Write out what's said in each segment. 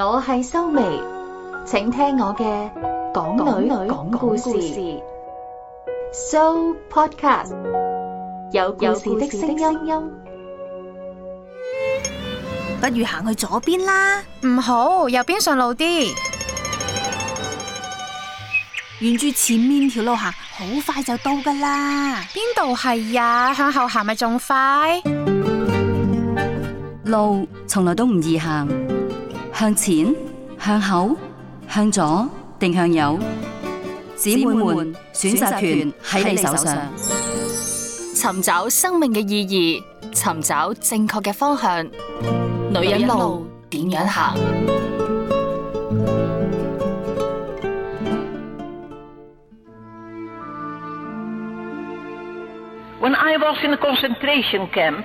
我係修眉，請聽我嘅講女女講故事，講故事，So Podcast 有故事的聲音，聲音，不如行去左邊啦。唔好，右邊順路啲，沿住前面條路行，好快就到噶啦。邊度係呀？向後行咪仲快？路從來都唔易行。向前、向後、向左定向右，姊妹們選擇權喺你手上。尋找生命嘅意義，尋找正確嘅方向。女人路點樣行？When I was in the concentration camp.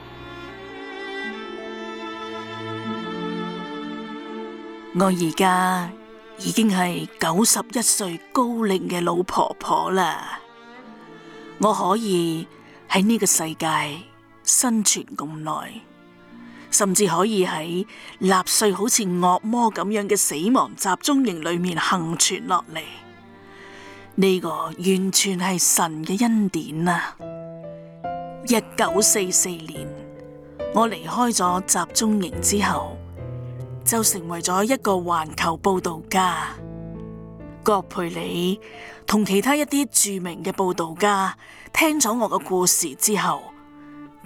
我而家已經係九十一歲高齡嘅老婆婆啦，我可以喺呢個世界生存咁耐，甚至可以喺納粹好似惡魔咁樣嘅死亡集中營裏面幸存落嚟，呢個完全係神嘅恩典啊！一九四四年，我離開咗集中營之後，就成為咗一個環球報道家。郭培里同其他一啲著名嘅報道家，聽咗我嘅故事之後，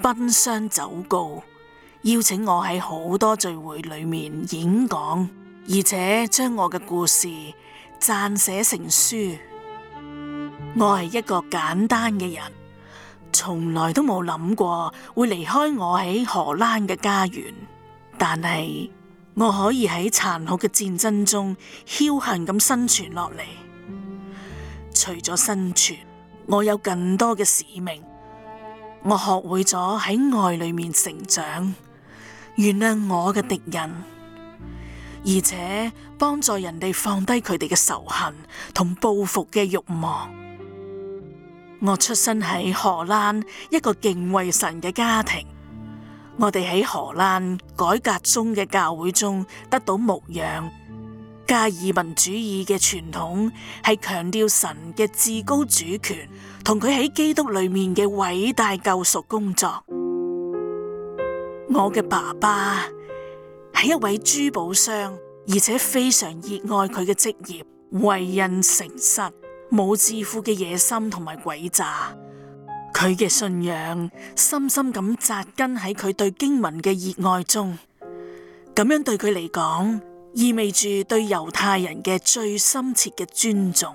奔相走告，邀請我喺好多聚會裏面演講，而且將我嘅故事撰寫成書。我係一個簡單嘅人，從來都冇諗過會離開我喺荷蘭嘅家園，但係。我可以喺殘酷嘅戰爭中僥倖咁生存落嚟。除咗生存，我有更多嘅使命。我學會咗喺愛裏面成長，原諒我嘅敵人，而且幫助人哋放低佢哋嘅仇恨同報復嘅欲望。我出生喺荷蘭，一個敬畏神嘅家庭。我哋喺荷蘭改革中嘅教會中得到牧養，加爾文主義嘅傳統係強調神嘅至高主權同佢喺基督裏面嘅偉大救贖工作。我嘅爸爸係一位珠寶商，而且非常熱愛佢嘅職業，為人誠實，冇自負嘅野心同埋詭詐。佢嘅信仰深深咁扎根喺佢對經文嘅熱愛中，咁樣對佢嚟講，意味住對猶太人嘅最深切嘅尊重。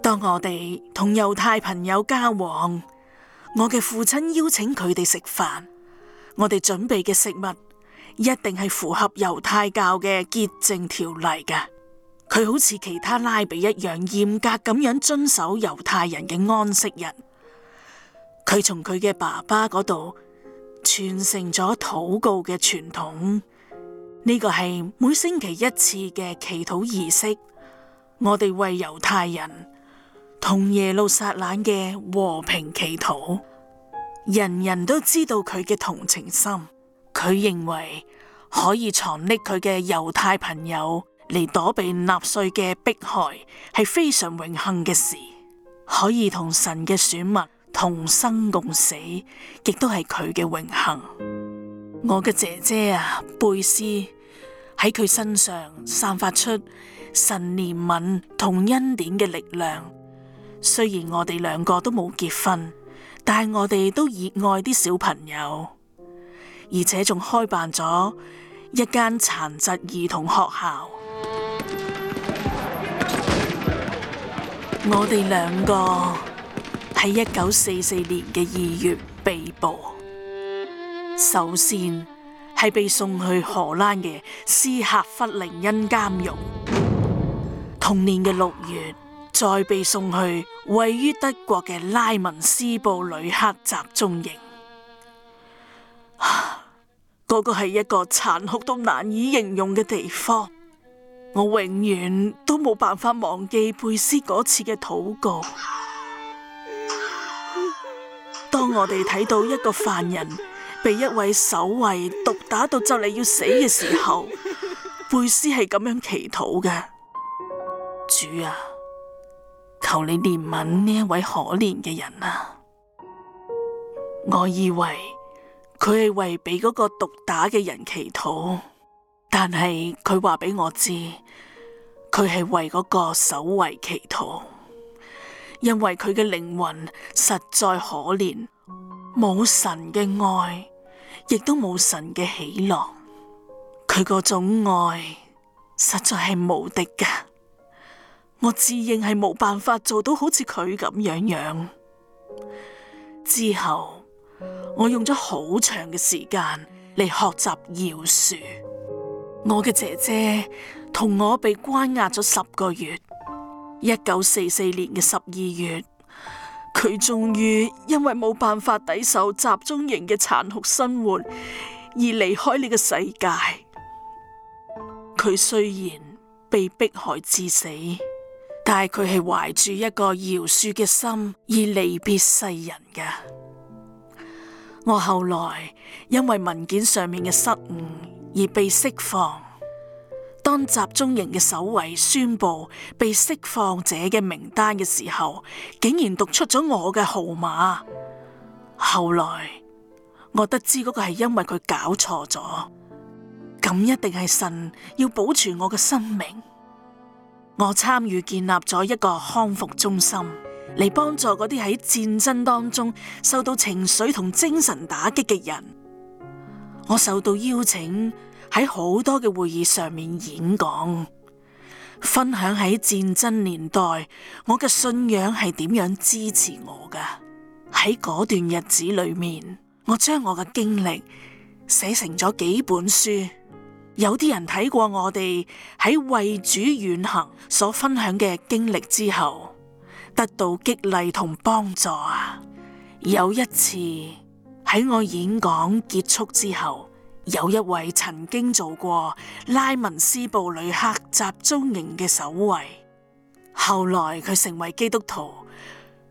當我哋同猶太朋友交往，我嘅父親邀請佢哋食飯，我哋準備嘅食物一定係符合猶太教嘅潔淨條例㗎。佢好似其他拉比一樣嚴格咁樣遵守猶太人嘅安息日。佢從佢嘅爸爸嗰度傳承咗禱告嘅傳統，呢個係每星期一次嘅祈禱儀式。我哋為猶太人同耶路撒冷嘅和平祈禱。人人都知道佢嘅同情心。佢認為可以藏匿佢嘅猶太朋友。嚟躲避納粹嘅迫害，係非常榮幸嘅事。可以同神嘅選民同生共死，亦都係佢嘅榮幸。我嘅姐姐啊，貝斯喺佢身上散發出神憐憫同恩典嘅力量。雖然我哋兩個都冇結婚，但係我哋都熱愛啲小朋友，而且仲開辦咗一間殘疾兒童學校。我哋兩個喺一九四四年嘅二月被捕，首先係被送去荷蘭嘅斯克弗林恩監獄，同年嘅六月再被送去位於德國嘅拉文斯布呂克集中營，嗰、那個係一個殘酷到難以形容嘅地方。我永遠都冇辦法忘記貝斯嗰次嘅禱告。當我哋睇到一個犯人被一位守衛毒打到就嚟要死嘅時候，貝斯係咁樣祈禱嘅： 主啊，求你憐憫呢一位可憐嘅人啊！我以為佢係為俾嗰個毒打嘅人祈禱。但係佢話俾我知，佢係為嗰個守衛祈禱，因為佢嘅靈魂實在可憐，冇神嘅愛，亦都冇神嘅喜樂。佢嗰種愛實在係無敵噶，我自認係冇辦法做到好似佢咁樣樣。之後我用咗好長嘅時間嚟學習饒恕。我嘅姐姐同我被關押咗十個月。一九四四年嘅十二月，佢終於因為冇辦法抵受集中營嘅殘酷生活，而離開呢個世界。佢雖然被迫害致死，但係佢係懷住一個饒恕嘅心而離別世人嘅。我後來因為文件上面嘅失誤，而被釋放。當集中營嘅守衛宣佈被釋放者嘅名單嘅時候，竟然讀出咗我嘅號碼。後來我得知嗰個係因為佢搞錯咗，咁一定係神要保住我嘅生命。我參與建立咗一個康復中心，嚟幫助嗰啲喺戰爭當中受到情緒同精神打擊嘅人。我受到邀請喺好多嘅會議上面演講，分享喺戰爭年代我嘅信仰係點樣支持我噶。喺嗰段日子裏面，我將我嘅經歷寫成咗幾本書。有啲人睇過我哋喺為主遠行所分享嘅經歷之後，得到激勵同幫助啊。有一次，喺我演講結束之後，有一位曾經做過拉文斯布呂克集中營嘅守衛，後來佢成為基督徒，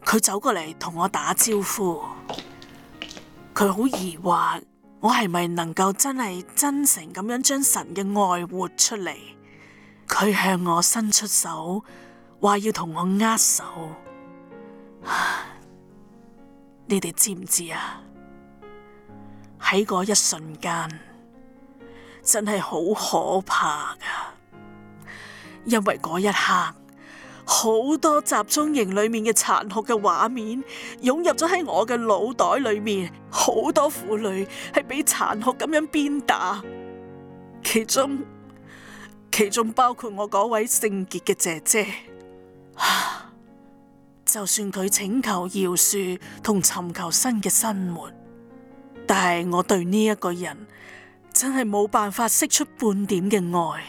佢走過嚟，同我打招呼，佢好疑惑我係咪能夠真係真誠咁樣將神嘅愛活出嚟，佢向我伸出手，話要同我握手，你哋知唔知啊？喺嗰一瞬間，真係好可怕㗎，因為嗰一刻好多集中營裏面嘅殘酷嘅畫面湧入咗喺我嘅腦袋裏面，好多婦女係俾殘酷咁樣鞭打，其中其中包括我嗰位聖潔嘅姐姐，啊，就算佢請求饒恕同尋求新嘅生活。但係我對呢一個人真係冇辦法釋出半點嘅愛，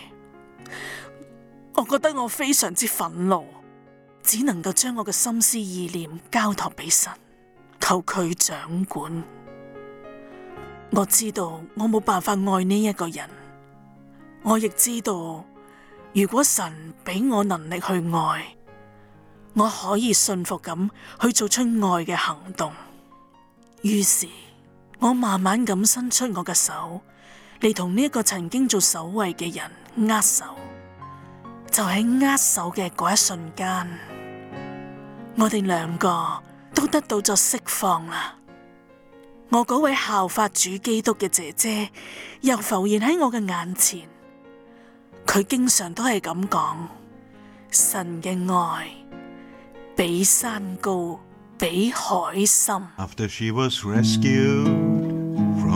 我覺得我非常之憤怒，只能夠將我嘅心思意念交託俾神，求佢掌管。我知道我冇辦法愛呢一個人，我亦知道如果神俾我能力去愛，我可以信服咁去做出愛嘅行動。於是。我慢慢咁伸出我嘅手嚟同呢一個曾經做守衛嘅人握手，就喺、是、握手嘅嗰一瞬間，我哋兩個都得到咗釋放啦。我嗰位效法主基督嘅姐姐又浮現喺我嘅眼前，佢經常都係咁講：神嘅愛比山高，比海深。After she was rescued,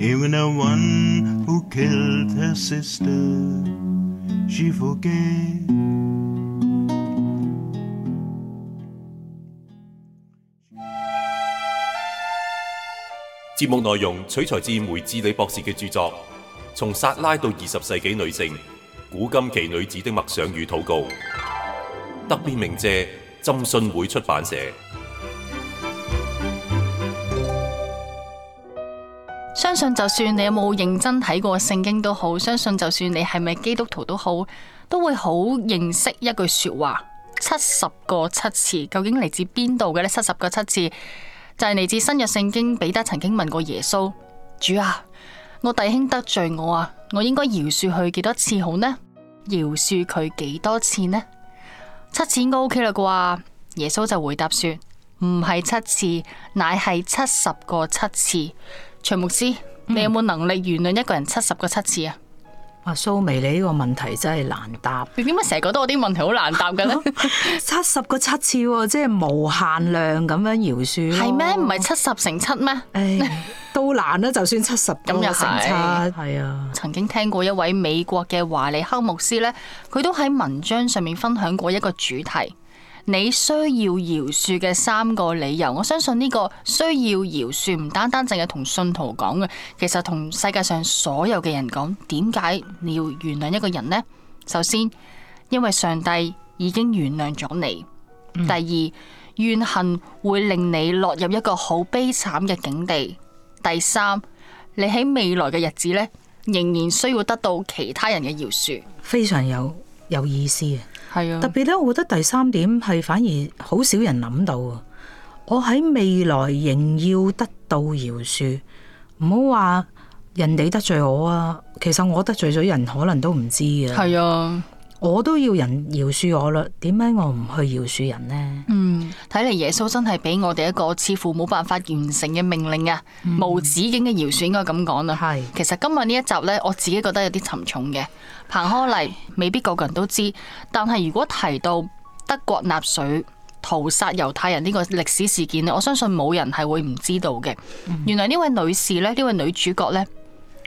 Even the one who killed her sister, she forgave. 節目內容取材自梅智里博士嘅著作《從撒拉到二十世紀女性：古今奇女子的默想與禱告》，特別鳴謝浸信會出版社。相信就算你有冇認真睇過聖經都好，相信就算你係咪基督徒都好，都會好認識一句說話：七十個七次，究竟嚟自邊度嘅呢？七十個七次就係嚟自新約聖經，彼得曾經問過耶穌：主啊，我弟兄得罪我啊，我應該饒恕佢幾多次好呢？饒恕佢幾多次呢？七次應該 OK 啦啩？耶穌就回答說：唔係七次，乃係七十個七次。長牧師，嗯、你有冇能力原諒一個人七十個七次啊？阿蘇眉，你呢個問題真係難答。你點解成日覺得我啲問題好難答嘅咧？ 七十個七次喎、哦，即係無限量咁樣饒恕。係咩？唔係七十乘七咩？都難啦、啊，就算七十咁又成七，係啊。曾經聽過一位美國嘅華利克牧師咧，佢都喺文章上面分享過一個主題。你需要饒恕嘅三個理由，我相信呢個需要饒恕唔單單淨係同信徒講嘅，其實同世界上所有嘅人講。點解你要原諒一個人呢？首先，因為上帝已經原諒咗你；第二，怨恨會令你落入一個好悲慘嘅境地；第三，你喺未來嘅日子呢，仍然需要得到其他人嘅饒恕。非常有有意思嘅。係啊，特別咧，我覺得第三點係反而好少人諗到啊。我喺未來仍要得到饒恕，唔好話人哋得罪我啊，其實我得罪咗人，可能都唔知嘅。係啊。我都要人饒恕我啦，點解我唔去饒恕人呢？嗯，睇嚟耶穌真係俾我哋一個似乎冇辦法完成嘅命令啊！嗯、無止境嘅饒恕，應該咁講啦。係，其實今日呢一集呢，我自己覺得有啲沉重嘅。彭柯麗未必個個人都知，但係如果提到德國納粹屠殺猶太人呢個歷史事件咧，我相信冇人係會唔知道嘅。嗯、原來呢位女士呢，呢位女主角呢。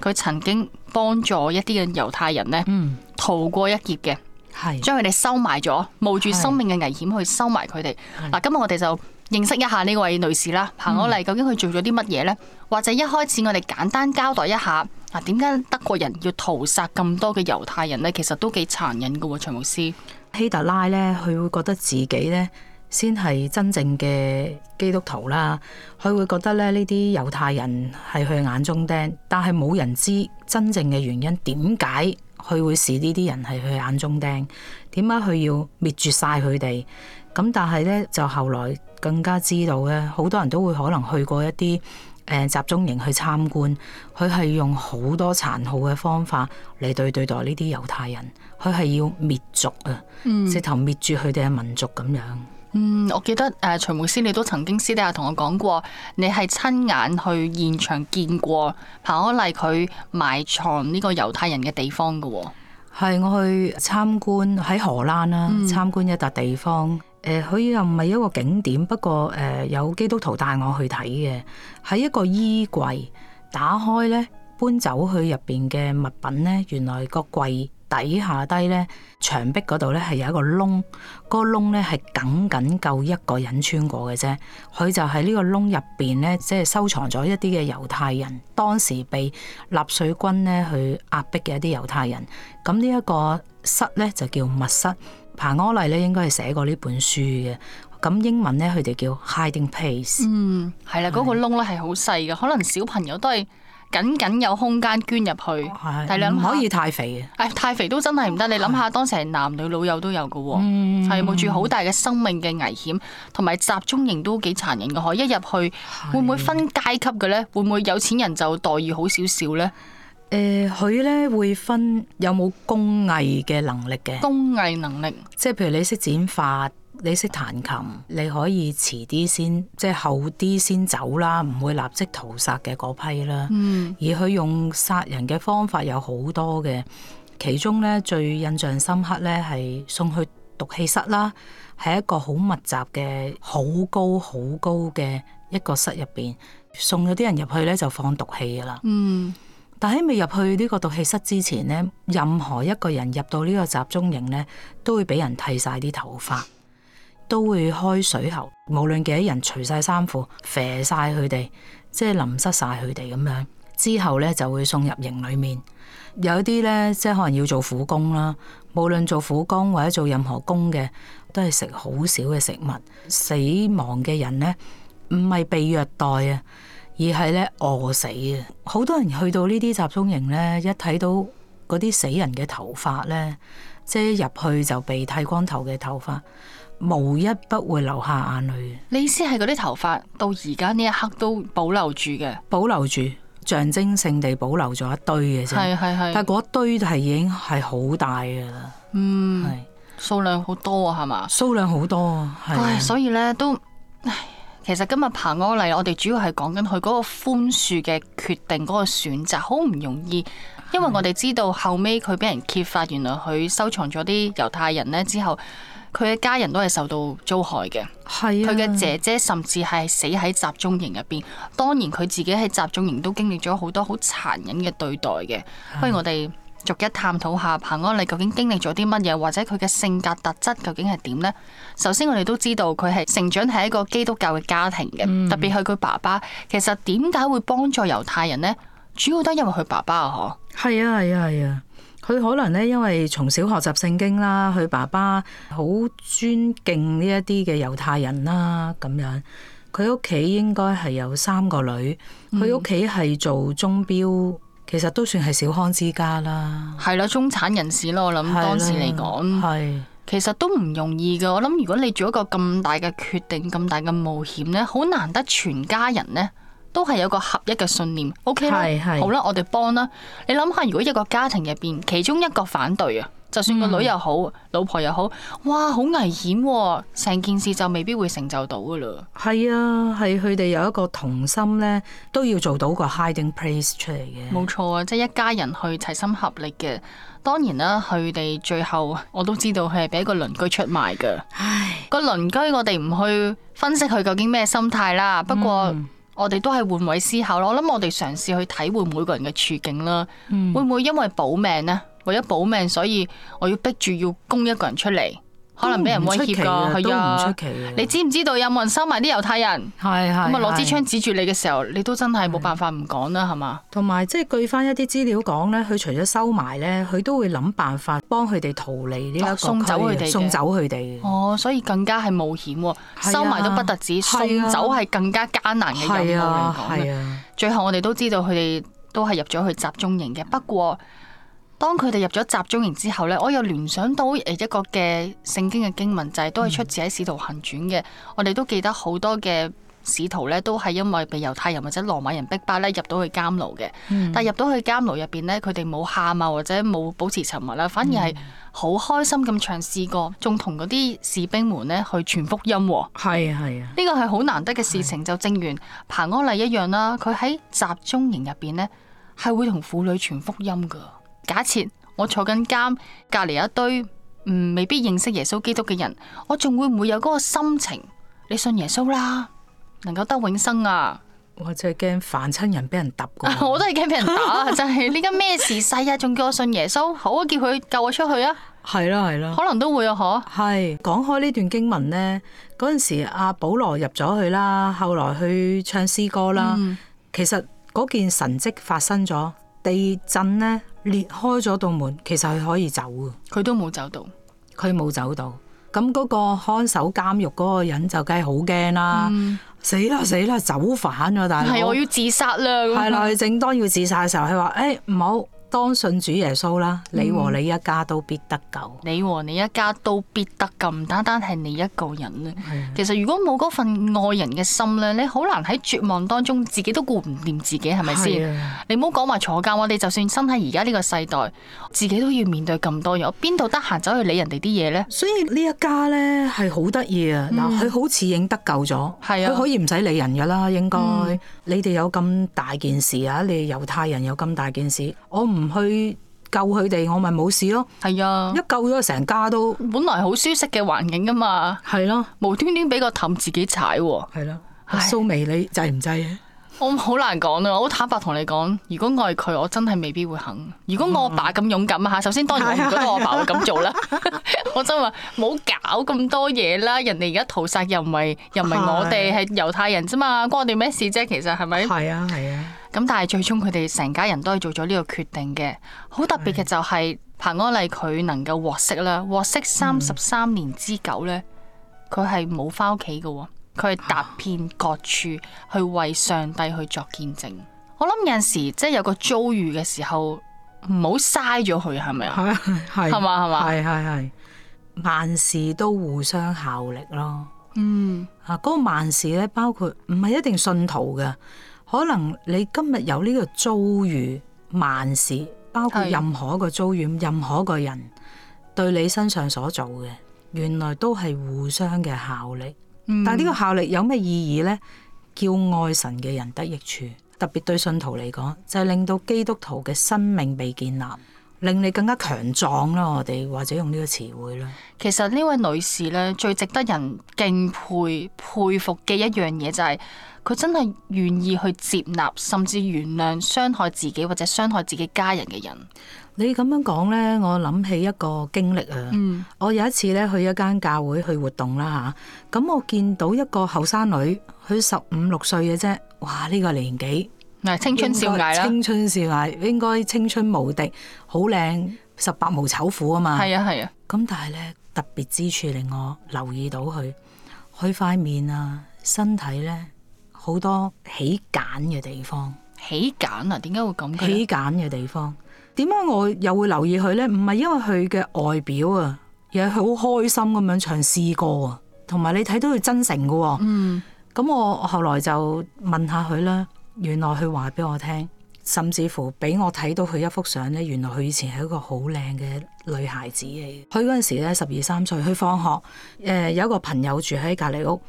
佢曾經幫助一啲嘅猶太人咧，嗯、逃過一劫嘅，是將佢哋收埋咗，冒住生命嘅危險去收埋佢哋。嗱是、啊，今日我哋就認識一下呢位女士啦。行過嚟，究竟佢做咗啲乜嘢咧？嗯、或者一開始我哋簡單交代一下，嗱、啊，點解德國人要屠殺咁多嘅猶太人咧？其實都幾殘忍㗎喎、啊，徐牧師。希特拉咧，佢會覺得自己咧。先係真正嘅基督徒啦，佢會覺得咧呢啲猶太人係佢眼中釘，但係冇人知真正嘅原因點解佢會使呢啲人係佢眼中釘，點解佢要滅絕晒佢哋？咁但係呢，就後來更加知道咧，好多人都會可能去過一啲誒集中營去參觀，佢係用好多殘酷嘅方法嚟對對待呢啲猶太人，佢係要滅族啊，嗯、直頭滅絕佢哋嘅民族咁樣。嗯，我記得誒徐牧師，你都曾經私底下同我講過，你係親眼去現場見過彭柯麗佢埋藏呢個猶太人嘅地方嘅喎、哦。係我去參觀喺荷蘭啦，參觀一笪地方。誒、嗯，佢又唔係一個景點，不過誒有基督徒帶我去睇嘅。喺一個衣櫃打開咧，搬走去入邊嘅物品咧，原來個櫃，底下低咧，牆壁嗰度咧係有一個窿，嗰個窿咧係僅僅夠一個人穿過嘅啫。佢就喺呢個窿入邊咧，即係收藏咗一啲嘅猶太人，當時被納粹軍咧去壓迫嘅一啲猶太人。咁呢一個室咧就叫密室。彭柯麗咧應該係寫過呢本書嘅。咁英文咧佢哋叫 Hiding Place，嗯，係啦，嗰個窿咧係好細嘅，的可能小朋友都係僅僅有空間捐入去，的但係你諗下，唔可以太肥嘅，誒、哎、太肥都真係唔得。的你諗下，當時係男女老幼都有嘅喎，係冒的住好大嘅生命嘅危險，同埋集中營都幾殘忍嘅，可一入去的會唔會分階級嘅咧？會唔會有錢人就待遇好少少咧？誒、呃，佢咧會分有冇工藝嘅能力嘅工藝能力，即係譬如你識剪髮，你識彈琴，你可以遲啲先，即係後啲先走啦，唔會立即屠殺嘅嗰批啦。嗯，而佢用殺人嘅方法有好多嘅，其中咧最印象深刻咧係送去毒氣室啦，係一個好密集嘅好高好高嘅一個室入邊，送咗啲人入去咧就放毒氣㗎啦。嗯，但喺未入去呢個毒氣室之前咧，任何一個人入到呢個集中營咧，都會俾人剃晒啲頭髮。都會開水喉，無論幾多人除晒衫褲，啡晒佢哋，即係淋濕晒佢哋咁樣之後呢，就會送入營裏面。有啲呢，即係可能要做苦工啦。無論做苦工或者做任何工嘅，都係食好少嘅食物。死亡嘅人呢，唔係被虐待啊，而係呢，餓死啊。好多人去到呢啲集中營呢，一睇到嗰啲死人嘅頭髮呢，即係入去就被剃光頭嘅頭髮。無一不會流下眼淚。你意思係嗰啲頭髮到而家呢一刻都保留住嘅，保留住象徵性地保留咗一堆嘅啫。係係係。但係嗰一堆係已經係好大噶啦。嗯，係數量好多啊，係嘛？數量好多啊，係、哎。所以咧都唉，其實今日彭安麗，我哋主要係講緊佢嗰個寬恕嘅決定，嗰個選擇好唔容易，因為我哋知道後尾佢俾人揭發，原來佢收藏咗啲猶太人咧之後。佢嘅家人都係受到遭害嘅，佢嘅、啊、姐姐甚至係死喺集中營入邊。當然佢自己喺集中營都經歷咗好多好殘忍嘅對待嘅。啊、不如我哋逐一探討下彭安麗究竟經歷咗啲乜嘢，或者佢嘅性格特質究竟係點呢？首先我哋都知道佢係成長喺一個基督教嘅家庭嘅，嗯、特別係佢爸爸。其實點解會幫助猶太人呢？主要都係因為佢爸爸嗬。係啊係啊係啊。佢可能咧，因為從小學習聖經啦，佢爸爸好尊敬呢一啲嘅猶太人啦，咁樣。佢屋企應該係有三個女，佢屋企係做鐘錶，其實都算係小康之家啦。係啦，中產人士咯，的我諗當時嚟講，係其實都唔容易噶。我諗如果你做一個咁大嘅決定，咁大嘅冒險咧，好難得全家人咧。都係有個合一嘅信念，OK 啦，是是，好啦，我哋幫啦。你諗下，如果一個家庭入邊其中一個反對啊，就算個女又好，嗯、老婆又好，哇，好危險啊，成件事就未必會成就到噶啦。係啊，係佢哋有一個同心呢，都要做到個 hiding place 出嚟嘅。冇錯啊，即係一家人去齊心合力嘅。當然啦，佢哋最後我都知道佢係俾一個鄰居出賣噶。唉，個鄰居我哋唔去分析佢究竟咩心態啦。不過。嗯我哋都係換位思考咯，我諗我哋嘗試去體會每個人嘅處境啦，嗯、會唔會因為保命呢？為咗保命，所以我要逼住要供一個人出嚟。可能俾人威脅佢都唔出奇。你知唔知道有冇人收埋啲猶太人？係係咁啊！攞支槍指住你嘅時候，你都真係冇辦法唔講啦，係嘛？同埋即係據翻一啲資料講咧，佢除咗收埋咧，佢都會諗辦法幫佢哋逃離呢個區，送走佢哋，送走佢哋。哦，所以更加係冒險喎，收埋都不得止，送走係更加艱難嘅任務嚟講嘅。最後我哋都知道佢哋都係入咗去集中營嘅，不過。當佢哋入咗集中營之後咧，我又聯想到誒一個嘅聖經嘅經文，就係、是、都係出自喺《使徒行傳》嘅。嗯、我哋都記得好多嘅使徒咧，都係因為被猶太人或者羅馬人逼迫咧，入到去監牢嘅。嗯、但入到去監牢入邊咧，佢哋冇喊啊，或者冇保持沉默啦，反而係好開心咁嘗試過，仲同嗰啲士兵們咧去傳福音。係啊係啊，呢個係好難得嘅事情，就正如彭安麗一樣啦。佢喺集中營入邊咧，係會同婦女傳福音㗎。假設我坐緊監，隔籬有一堆唔未必認識耶穌基督嘅人，我仲會唔會有嗰個心情？你信耶穌啦，能夠得永生啊！我真係驚犯親人俾人揼過，我都係驚俾人打啊！真係呢家咩時勢啊，仲叫我信耶穌，好啊，叫佢救我出去啊！係啦，係啦，可能都會啊，嗬。係講開呢段經文咧，嗰陣時阿保羅入咗去啦，後來去唱詩歌啦。其實嗰件神蹟發生咗，地震咧。裂開咗道門，其實佢可以走噶，佢都冇走到，佢冇走到。咁嗰個看守監獄嗰個人就梗係好驚啦，死啦死啦，走反咗大佬，係我要自殺啦，係啦，佢正當要自殺嘅時候，佢話：誒唔好。當信主耶穌啦，你和你一家都必得救。嗯、你和你一家都必得救，唔單單係你一個人咧。是的 其實如果冇嗰份愛人嘅心咧，你好難喺絕望當中自己都顧唔掂自己，係咪先？你唔好講話坐監，我哋就算身喺而家呢個世代，自己都要面對咁多嘢，我邊度得閒走去理人哋啲嘢咧？所以呢一家咧係、嗯、好得意啊！嗱，佢好似已經得救咗，佢是的 可以唔使理人噶啦，應該。嗯你哋有咁大件事啊！你猶太人有咁大件事，我唔去救佢哋，我咪冇事咯。係啊，一救咗成家都，本來好舒適嘅環境啊嘛。係咯、啊，無端端俾個氹自己踩喎。係咯，阿蘇眉，你制唔制？啊？我好難講啊！我好坦白同你講，如果愛佢，我真係未必會肯。如果我爸咁勇敢啊吓，嗯、首先當然我唔覺得我爸會咁做啦。嗯、 我真話冇搞咁多嘢啦。人哋而家屠殺又唔係又唔係我哋係猶太人啫嘛，關我哋咩事啫，啊？其實係咪？係啊係啊。咁、啊、但係最終佢哋成家人都係做咗呢個決定嘅。好特別嘅就係彭安麗佢能夠獲釋啦，獲釋三十三年之久咧，佢係冇翻屋企噶。佢係踏遍各處、啊、去為上帝去作見證。我諗有陣時，即係有個遭遇嘅時候，唔好嘥咗佢，係咪啊？係係嘛係嘛係係係，萬事都互相效力咯。嗯啊，嗰、嗰個萬事咧，包括唔係一定信徒嘅，可能你今日有呢個遭遇，萬事包括任何一個遭遇，是任何一個人對你身上所做嘅，原來都係互相嘅效力。嗯、但係呢個效力有咩意義呢？叫愛神嘅人得益處，特別對信徒嚟講，就係、是、令到基督徒嘅生命被建立，令你更加強壯咯。我哋或者用呢個詞彙啦。其實呢位女士呢，最值得人敬佩佩服嘅一樣嘢就係、是、佢真係願意去接納，甚至原諒傷害自己或者傷害自己家人嘅人。你咁樣講呢，我諗起一個經歷啊。嗯、我有一次呢，去一間教會去活動啦吓，咁我見到一個後生女，佢十五六歲嘅啫。哇呢、呢個年紀，青春少女啦。青春少女應該青春無敵，好靚、嗯，十八無醜婦啊嘛。係啊係啊。咁、啊、但係呢，特別之處令我留意到佢，佢塊面啊、身體呢，好多起繭嘅地方。起繭啊？點解會咁？起繭嘅地方。點解我又會留意佢呢？唔係因為佢嘅外表啊，而係佢好開心咁樣唱詩歌啊。同埋你睇到佢真誠嘅。咁、嗯、我後來就問下佢啦。原來佢話俾我聽，甚至乎俾我睇到佢一幅相呢。原來佢以前係一個好靚嘅女孩子嚟。佢嗰陣時呢，十二三歲。佢放學，誒，有一個朋友住喺隔離屋，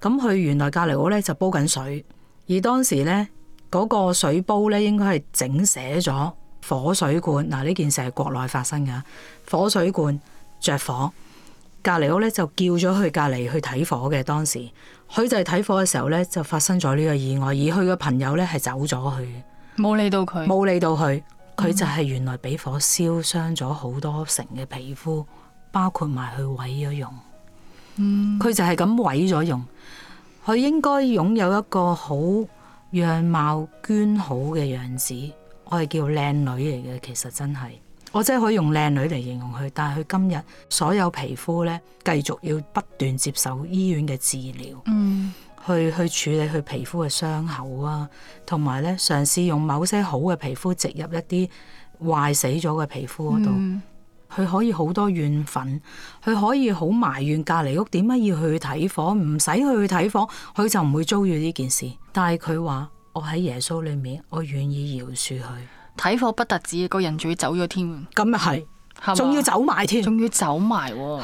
咁佢原來隔離屋呢，就煲緊水，而當時呢，嗰、嗰個水煲呢，應該係整寫咗。火水罐嗱，呢件事係國內發生嘅。火水罐着火，隔籬屋咧就叫咗佢去隔籬去睇火嘅。當時佢就係睇火嘅時候咧，就發生咗呢個意外。而佢嘅朋友咧係走咗去，冇理到佢，冇理到佢。佢就係原來俾火燒傷咗好多成嘅皮膚，包括埋佢毀咗容。佢就係咁毀咗容。佢應該擁有一個好樣貌娟好嘅樣子。我係叫靚女嚟嘅，其實真係，我真係可以用靚女嚟形容佢。但係佢今日所有皮膚咧，繼續要不斷接受醫院嘅治療，嗯、去去處理佢皮膚嘅傷口啊，同埋咧嘗試用某些好嘅皮膚植入一啲壞死咗嘅皮膚嗰度。佢、嗯、可以好多怨憤，佢可以好埋怨隔離屋點解要去睇火，唔使去睇火，佢就唔會遭遇呢件事。但係佢話。我喺耶穌裏面，我願意饒恕佢。睇火不特止，個人仲要走咗添。咁又係，仲吧要走埋添，仲要走埋。係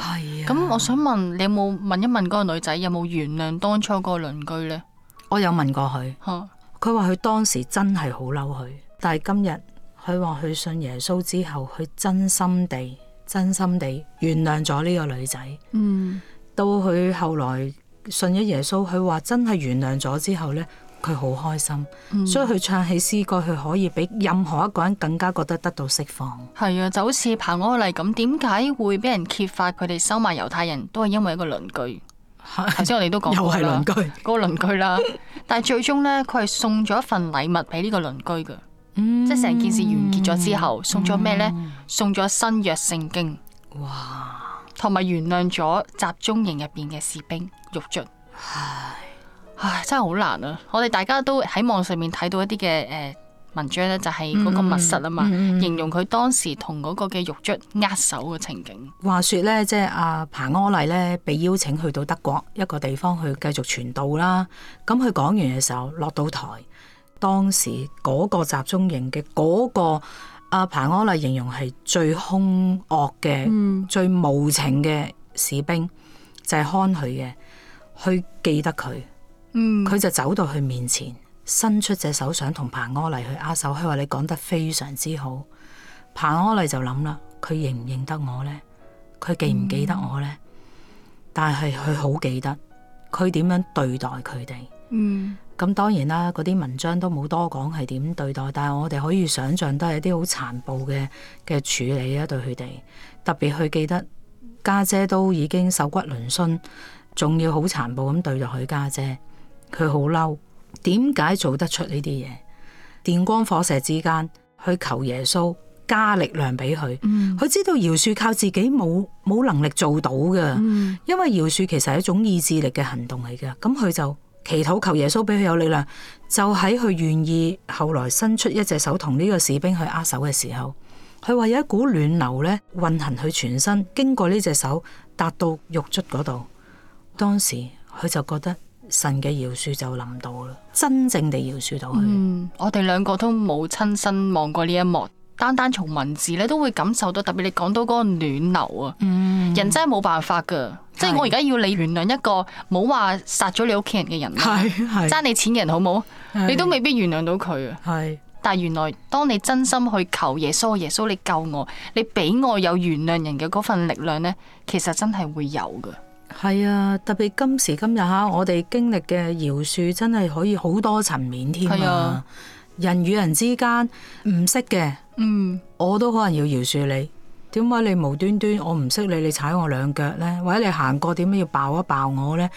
啊。咁我想問你有冇問一問嗰個女仔有冇原諒當初嗰個鄰居呢？我有問過佢，佢話佢當時真係好嬲佢，但係今日佢話佢信耶穌之後，佢真心地、真心地原諒咗呢個女仔。嗯。到佢後來信咗耶穌，佢話真係原諒咗之後呢。佢好開心，所以佢唱起詩歌，佢可以比任何一個人更加覺得得到釋放。係啊，就好似彭哥嚟咁，點解會俾人揭發佢哋收埋猶太人，都係因為一個鄰居。頭先我哋都講過，又係鄰居，嗰個鄰居啦。但係最終呢，佢係送咗一份禮物俾呢個鄰居嘅，即係成件事完結咗之後，送咗咩呢？送咗新約聖經。哇！同埋原諒咗集中營入邊嘅士兵獄卒。唉，真係好難啊！我哋大家都喺網上面睇到一啲嘅誒文章咧，就係嗰個密室啊嘛，嗯嗯、形容佢當時同嗰個嘅獄卒握手嘅情景。話説咧，即係阿彭柯麗咧被邀請去到德國一個地方去繼續傳道啦。咁佢講完嘅時候，落到台，當時嗰個集中營嘅嗰、那個阿、啊、彭柯麗形容係最兇惡嘅、嗯、最無情嘅士兵，就係、是、看佢嘅去記得佢。佢、嗯、就走到佢面前，伸出隻手，想同彭柯麗去握手。佢話，你講得非常之好。彭柯麗就諗啦，佢認唔認得我呢？佢記唔記得我呢？嗯、但係佢好記得佢點樣對待佢哋。咁、嗯、當然啦，嗰啲文章都冇多講係點對待，但係我哋可以想象都係啲好殘暴嘅嘅處理啊，對佢哋特別佢記得家姐、姐都已經手骨嶙峋，仲要好殘暴咁對待佢家姐、姐。佢好嬲，點解做得出呢啲嘢？電光火石之間，去求耶穌加力量俾佢。佢、嗯、知道饒恕靠自己冇冇能力做到嘅，嗯、因為饒恕其實係一種意志力嘅行動嚟嘅。咁佢就祈禱求耶穌俾佢有力量。就喺佢願意後來伸出一隻手同呢個士兵去握手嘅時候，佢話有一股暖流呢，運行佢全身，經過呢隻手達到肉質嗰度。當時佢就覺得。神嘅饒恕就臨到啦，真正地饒恕到佢、嗯。我哋兩個都冇親身望過呢一幕，單單從文字咧都會感受到，特別你講到嗰個暖流啊，嗯、人真係冇辦法噶。即係是我而家要你原諒一個冇話殺咗你屋企人嘅人、啊，係，爭你錢人好冇，是你都未必原諒到佢啊。係是，但係原來當你真心去求耶穌，耶穌你救我，你俾我有原諒人嘅嗰份力量咧，其實真係會有噶。係啊，特別今時今日吓、啊，我哋經歷嘅饒恕真係可以好多層面添啊！人與人之間唔識嘅，嗯，我都可能要饒恕你。點解你無端端我唔識你，你踩我兩腳呢？或者你行過點解要爆一爆我呢？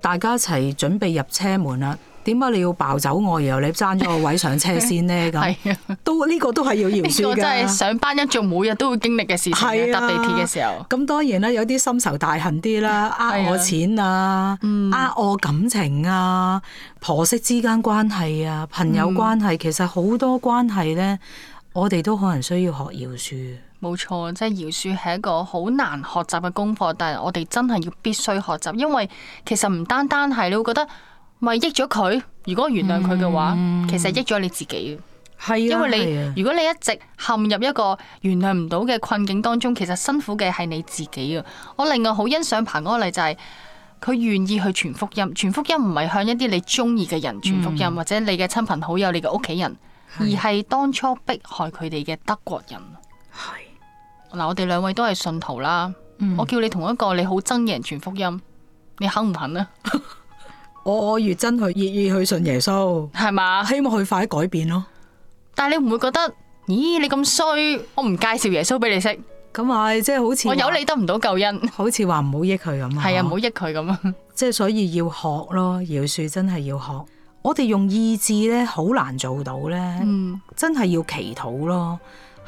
大家一齊準備入車門啦！點解你要爆走我，然後你爭咗個位上車先呢？咁、 啊、都呢、呢個都係要饒恕嘅。呢 真係上班一族每日都會經歷嘅事情。係啊，搭地鐵嘅時候。咁當然啦，有啲深仇大恨啲啦，呃我錢啊，呃、啊嗯、我感情啊，婆媳之間關係啊，朋友關係，嗯、其實好多關係咧，我哋都可能需要學饒恕。冇錯，即係饒恕係一個好難學習嘅功課，但係我哋真係要必須學習，因為其實唔單單係你會覺得。咪益咗佢，如果我原諒佢嘅話，嗯、其實益咗你自己。的因為你的如果你一直陷入一個原諒唔到嘅困境當中，其實辛苦嘅係你自己啊！我另外好欣賞彭哥例就係、是，佢願意去傳福音，傳福音唔係向一啲你中意嘅人傳福音，嗯、或者你嘅親朋好友、你嘅屋企人，的而係當初迫害佢哋嘅德國人。係嗱的，嗯、我哋兩位都係信徒啦，我叫你同一個你好憎嘅人傳福音，你肯唔肯啊？ 我我越真去越意去信耶穌，係嘛吧？希望佢快改變咯。但係你唔會覺得？咦，你咁衰，我唔介紹耶穌俾你識。咁係，即係好似我有你得唔到救恩，好似話唔好益佢咁啊。係啊，唔好益佢咁啊。即係所以要學咯，饒恕真係要學。我哋用意志咧，好難做到咧。嗯，真係要祈禱咯，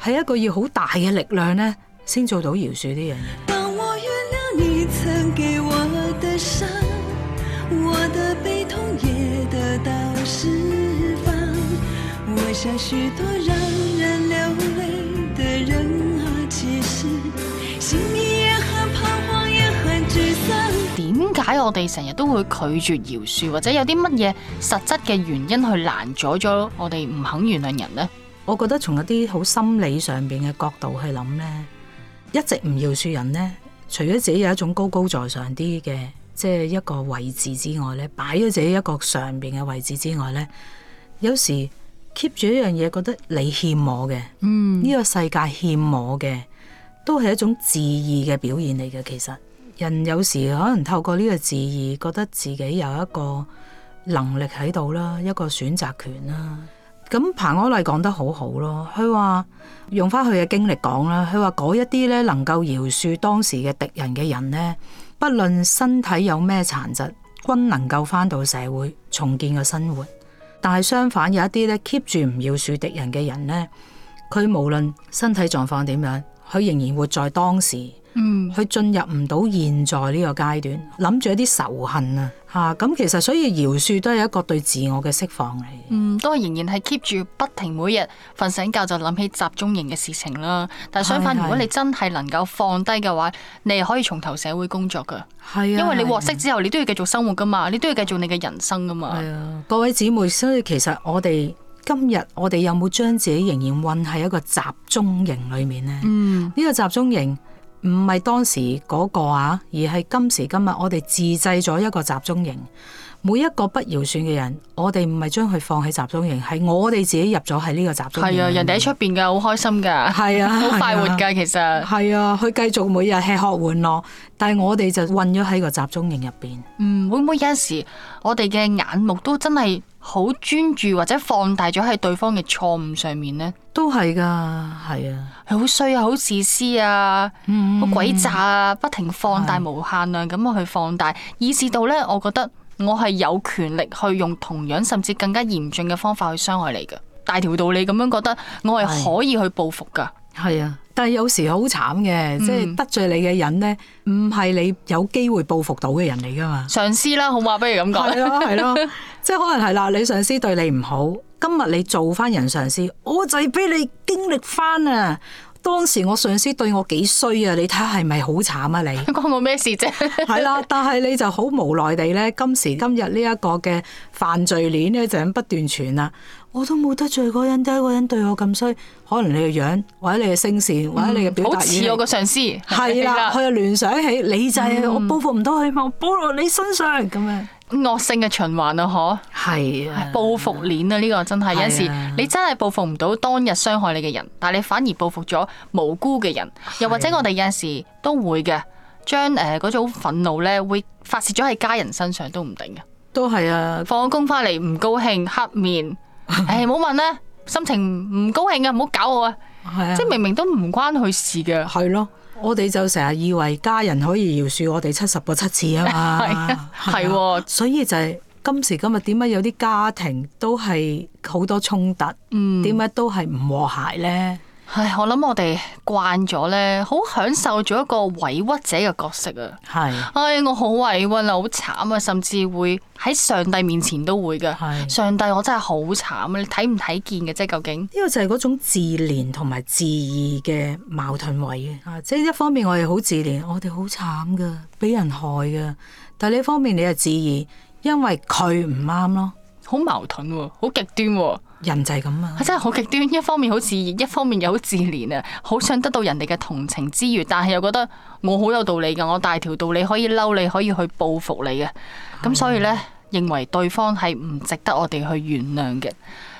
係一個要好大嘅力量咧，先做到饒恕呢樣嘢。多人流，點解我哋成日都會拒絕饒恕，或者有啲乜嘢實質嘅原因去攔阻咗我哋唔肯原諒人呢？我覺得從一啲好心理上邊嘅角度去諗呢，一直唔饒恕人呢，除咗自己有一種高高在上啲嘅，即係一個位置之外呢，擺咗自己一個上邊嘅位置之外呢有時。keep 住一樣嘢，覺得你欠我嘅，呢、嗯、個世界欠我嘅，都係一種自義嘅表現嚟嘅。其實人有時可能透過呢個自義，覺得自己有一個能力喺度啦，一個選擇權啦。咁彭安麗講得好好咯，佢話用翻佢嘅經歷講啦，佢話嗰一啲咧能夠饒恕當時嘅敵人嘅人咧，不論身體有咩殘疾，均能夠翻到社會重建嘅生活。但係相反，有一啲咧 keep 住唔饒恕敵人嘅人咧，佢無論身體狀況點樣。佢仍然活在當時，佢、嗯、進入唔到現在呢個階段，諗住一啲仇恨啊嚇咁，其實所以饒恕都係一個對自我嘅釋放嚟。嗯，都係仍然係 keep 住不停每，每日瞓醒覺就諗起集中營嘅事情啦。但係相反，是是如果你真係能夠放低嘅話，你係可以從頭社會工作噶。係啊，因為你獲釋之後，的你都要繼續生活噶嘛，你都要繼續你嘅人生噶嘛。係啊，各位姊妹，所以其實我哋。今日我哋有冇將自己仍然困喺一個集中營裏面呢？呢、嗯、個集中營唔係當時嗰、那個啊，而係今時今日我哋自製咗一個集中營。每一個不饒恕嘅人，我哋唔係將佢放喺集中營，係我哋自己入咗喺呢個集中營。係、嗯、啊，人哋喺出邊噶好開心噶係啊，好快活噶其實係啊，佢繼續每日吃喝玩樂，但係我哋就困咗喺個集中營入邊。嗯，會唔會有時我哋嘅眼目都真係？好專注或者放大咗喺對方嘅錯誤上面呢，都係噶，係啊，好衰啊，好自私啊，好鬼詐啊，不停放大的無限量咁去放大，以至到呢，我覺得我係有權力去用同樣甚至更加嚴峻嘅方法去傷害你嘅，大條道理咁樣覺得我係可以去報復噶，係啊。但係有時好慘嘅，嗯、即係得罪你嘅人咧，唔係你有機會報復到嘅人嚟㗎嘛？上司啦，好嘛，不如咁講，係咯係咯，即係可能係啦，你上司對你唔好，今日你做返人上司，我就要俾你經歷返啊！當時我上司對我幾衰啊，你睇下係咪好慘啊？你關我咩事啫？係 啦，但係你就好無奈地咧，今時今日呢一個嘅犯罪鏈咧，就咁不斷傳啦。我都冇得罪過人，得一個人對我咁衰。可能你嘅樣，或者你嘅聲線，或者你嘅表達，好似、嗯、我個上司係啦。佢又聯想起你就係、是嗯、我報復唔到佢，我報落你身上咁樣惡性嘅循環啊！嗬，係啊，報復鏈啊！呢、這個真係有陣時你真係報復唔到當日傷害你嘅人，但係你反而報復咗無辜嘅人，又或者我哋有陣時都會嘅，將誒嗰種憤怒咧會發洩咗喺家人身上都唔定嘅，都係啊。放工翻嚟唔高興，黑面。誒，唔好、 哎、問啦，心情唔高興嘅、啊，唔好搞我啊！啊即係明明都唔關佢事嘅。係咯，我哋就成日以為家人可以饒恕我哋七十個七次啊嘛。係啊，係、啊啊啊，所以就係今時今日，點解有啲家庭都係好多衝突？嗯，點解都係唔和諧咧？唉，我諗我哋慣咗咧，好享受咗一個委屈者嘅角色啊！係是，唉，我好委屈啊，好慘啊，甚至會喺上帝面前都會噶。係是，上帝我真係好慘啊！你睇唔睇見嘅啫？究竟呢個就係嗰種自憐同埋自義嘅矛盾位啊！即係一方面我哋好自憐，我哋好慘噶，俾人害噶，但係呢方面你又自義，因為佢唔啱咯。好矛盾、啊，好極端、啊，人就係咁啊,啊！真係好極端，一方面好似，一方面又好自憐啊！好想得到人哋嘅同情之餘，但係又覺得我好有道理㗎，我大條道理可以嬲你，可以去報復你嘅。咁、嗯啊、所以呢，認為對方係唔值得我哋去原諒嘅。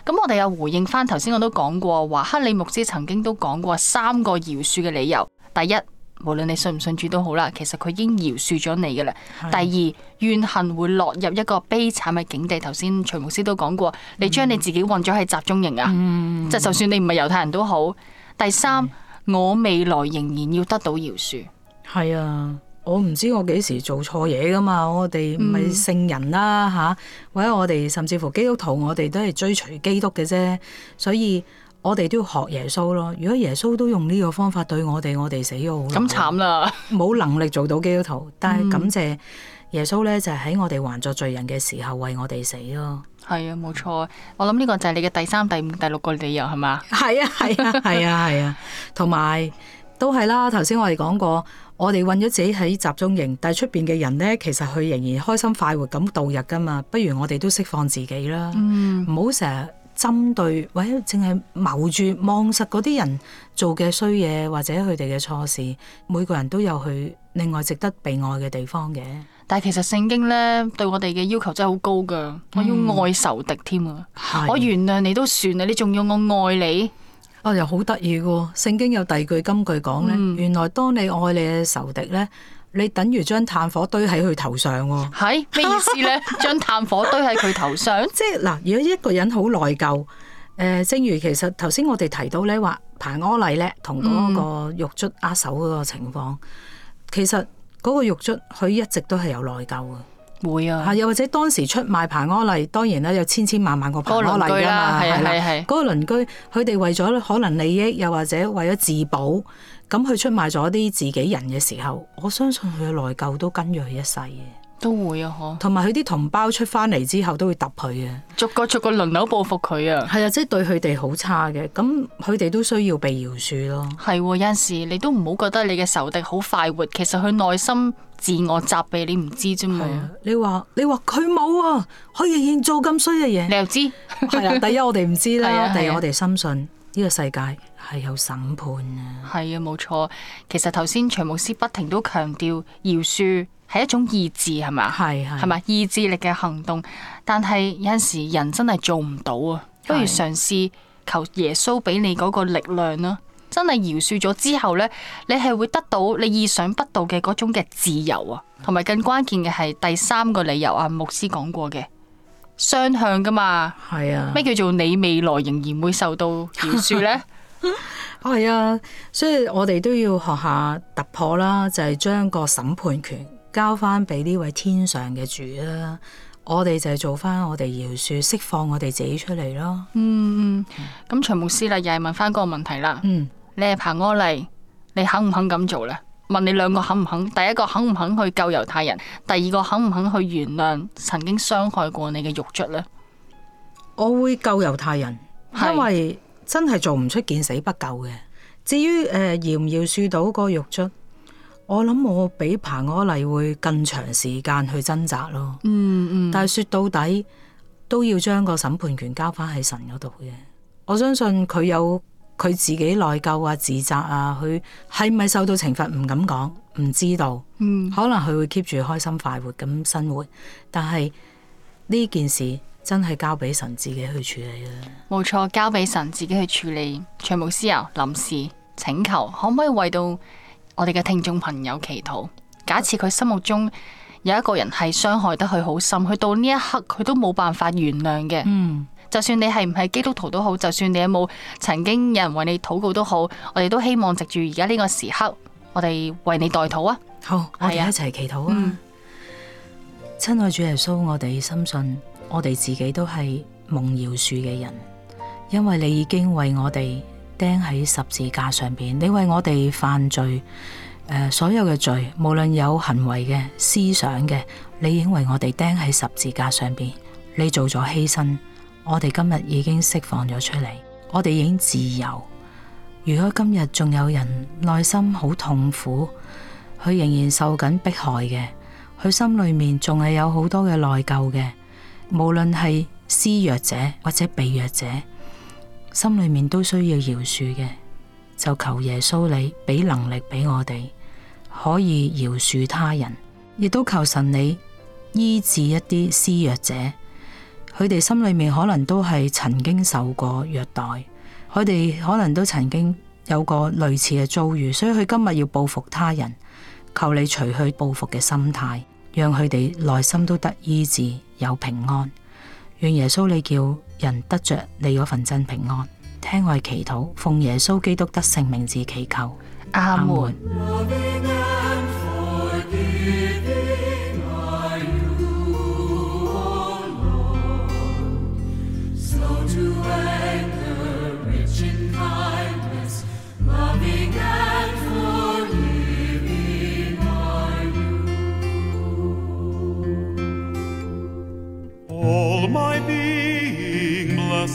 咁我哋又回應翻，頭先我都講過，華克里木斯曾經都講過三個饒恕嘅理由，第一。無論你信唔信主都好啦，其實佢已經饒恕咗你嘅啦。是的 第二，怨恨會落入一個悲慘嘅境地，頭先徐牧師都講過，你將你自己運咗喺集中營啊，嗯、即就算你唔係猶太人都好。第三，是的 我未來仍然要得到饒恕。係啊，我唔知我幾時做錯嘢噶嘛，我哋唔係聖人啦、啊、吓、嗯啊，或者我哋甚至乎基督徒，我哋都係追隨基督嘅啫，所以。我哋都要學耶穌咯。如果耶穌都用呢個方法對我哋，我哋死咗好耐。咁慘啦！冇能力做到基督徒，但係感謝耶穌咧，就係喺我哋還作罪人嘅時候為我哋死咯。係啊，冇錯。我諗呢個就係你嘅第三、第五、第六個理由，係嘛？係啊，係啊，係啊，係啊。同埋都係啦。頭先我哋講過，我哋困咗自己喺集中營，但係出邊嘅人咧，其實佢仍然開心快活咁度日㗎嘛。不如我哋都釋放自己啦。唔好成日針對或者淨係謀住望實嗰啲人做嘅衰嘢或者佢哋嘅錯事，每個人都有佢另外值得被愛嘅地方嘅。但係其實聖經呢，對我哋嘅要求真係好高㗎，嗯、我要愛仇敵添啊！的我原諒你都算啦，你仲要我愛你？哦、啊，又好得意嘅喎！聖經有第二句金句講呢、嗯、原來當你愛你嘅仇敵呢。」你等於將炭火堆喺佢頭上喎？係咩意思咧？將炭火堆喺佢頭上？即係嗱，如果一個人好內疚，誒，正如其實頭先我哋提到咧，話彭柯麗咧同嗰個玉卒握手嗰個情況，其實嗰個玉卒佢一直都係有內疚嘅，會啊！又或者當時出賣彭柯麗，當然啦，有千千萬萬個彭柯麗噶嘛，係啦，係。嗰個鄰居佢哋為咗可能利益，又或者為咗自保。咁佢出賣咗啲自己人嘅時候，我相信佢嘅內疚都跟住佢一世嘅，都會啊，嗬。同埋佢啲同胞出翻嚟之後，都會揼佢嘅，逐個逐個輪流報復佢啊。係啊、 嗯，即係對佢哋好差嘅，咁佢哋都需要被饒恕咯。係，有陣時你都唔好覺得你嘅仇敵好快活，其實佢內心自我責備， 你唔知啫嘛。你話你話佢冇啊，佢仍然做咁衰嘅嘢，你又知？係啊，第一 我哋唔知啦， 第二我哋深信呢個世界。係有審判啊！係啊，冇錯。其實頭先，徐牧師不停都強調饒恕係一種意志，係咪係，係咪意志力嘅行動。但係有陣時人真係做唔到啊，不如嘗試求耶穌俾你嗰個力量啦。真係饒恕咗之後咧，你係會得到你意想不到嘅嗰種嘅自由啊，同埋更關鍵嘅係第三個理由啊。牧師講過嘅雙向噶嘛，係是啊，咩叫做你未來仍然會受到饒恕咧？ 係啊，啊，所以我哋都要學下突破啦，就係、是、將個審判權交翻俾呢位天上嘅主啦。我哋就係做翻我哋饒恕，釋放我哋自己出嚟咯。嗯，咁徐牧師啦，又係問翻嗰個問題啦。嗯，你係彭柯麗，你肯唔肯咁做咧？問你兩個肯唔肯？第一個肯唔肯去救猶太人？第二個肯唔肯去原諒曾經傷害過你嘅獄卒咧？我會救猶太人，是因為。真係做唔出見死不救嘅。至於誒，饒唔饒恕到個玉樽？我諗我比彭可麗會更長時間去掙扎咯。嗯嗯、mm。Hmm. 但係說到底，都要將個審判權交翻喺神嗰度嘅。我相信佢有佢自己內疚啊、自責啊。佢係咪受到懲罰？唔敢講，唔知道。Mm hmm. 可能佢會 keep 住開心快活咁生活，但係呢件事。真係交俾神自己去處理啊。冇錯，交俾神自己去處理。長牧師啊，臨時請求，可唔可以為到我哋嘅聽眾朋友祈禱？假設佢心目中有一個人係傷害得佢好深，佢到呢一刻佢都冇辦法原諒嘅。嗯，就算你係唔係基督徒都好，就算你有冇曾經有人為你禱告都好，我哋都希望藉住而家呢個時刻，我哋為你代禱啊。好，我哋一齊祈禱啊！親、嗯、愛主耶穌，我哋深信。我哋自己都係夢搖樹嘅人，因為你已經為我哋釘喺十字架上邊，你為我哋犯罪、呃、所有嘅罪，無論有行為嘅、思想嘅，你已經為我哋釘喺十字架上邊，你做咗犧牲，我哋今日已經釋放咗出嚟，我哋已經自由。如果今日仲有人內心好痛苦，佢仍然受緊迫害嘅，佢心裏面仲係有好多嘅內疚嘅。無論係施虐者或者被虐者，心裏面都需要饒恕嘅，就求耶穌你俾能力俾我哋可以饒恕他人，亦都求神你醫治一啲施虐者，佢哋心裏面可能都係曾經受過虐待，佢哋可能都曾經有過類似嘅遭遇，所以佢今日要報復他人，求你除去報復嘅心態。讓佢哋內心都得醫治，有平安。願耶穌你叫人得着你嗰份真平安。聽我祈禱，奉耶穌基督得勝名字祈求。安安阿門。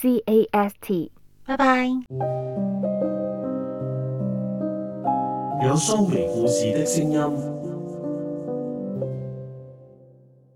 C A S T，拜拜。有雙面故事的聲音。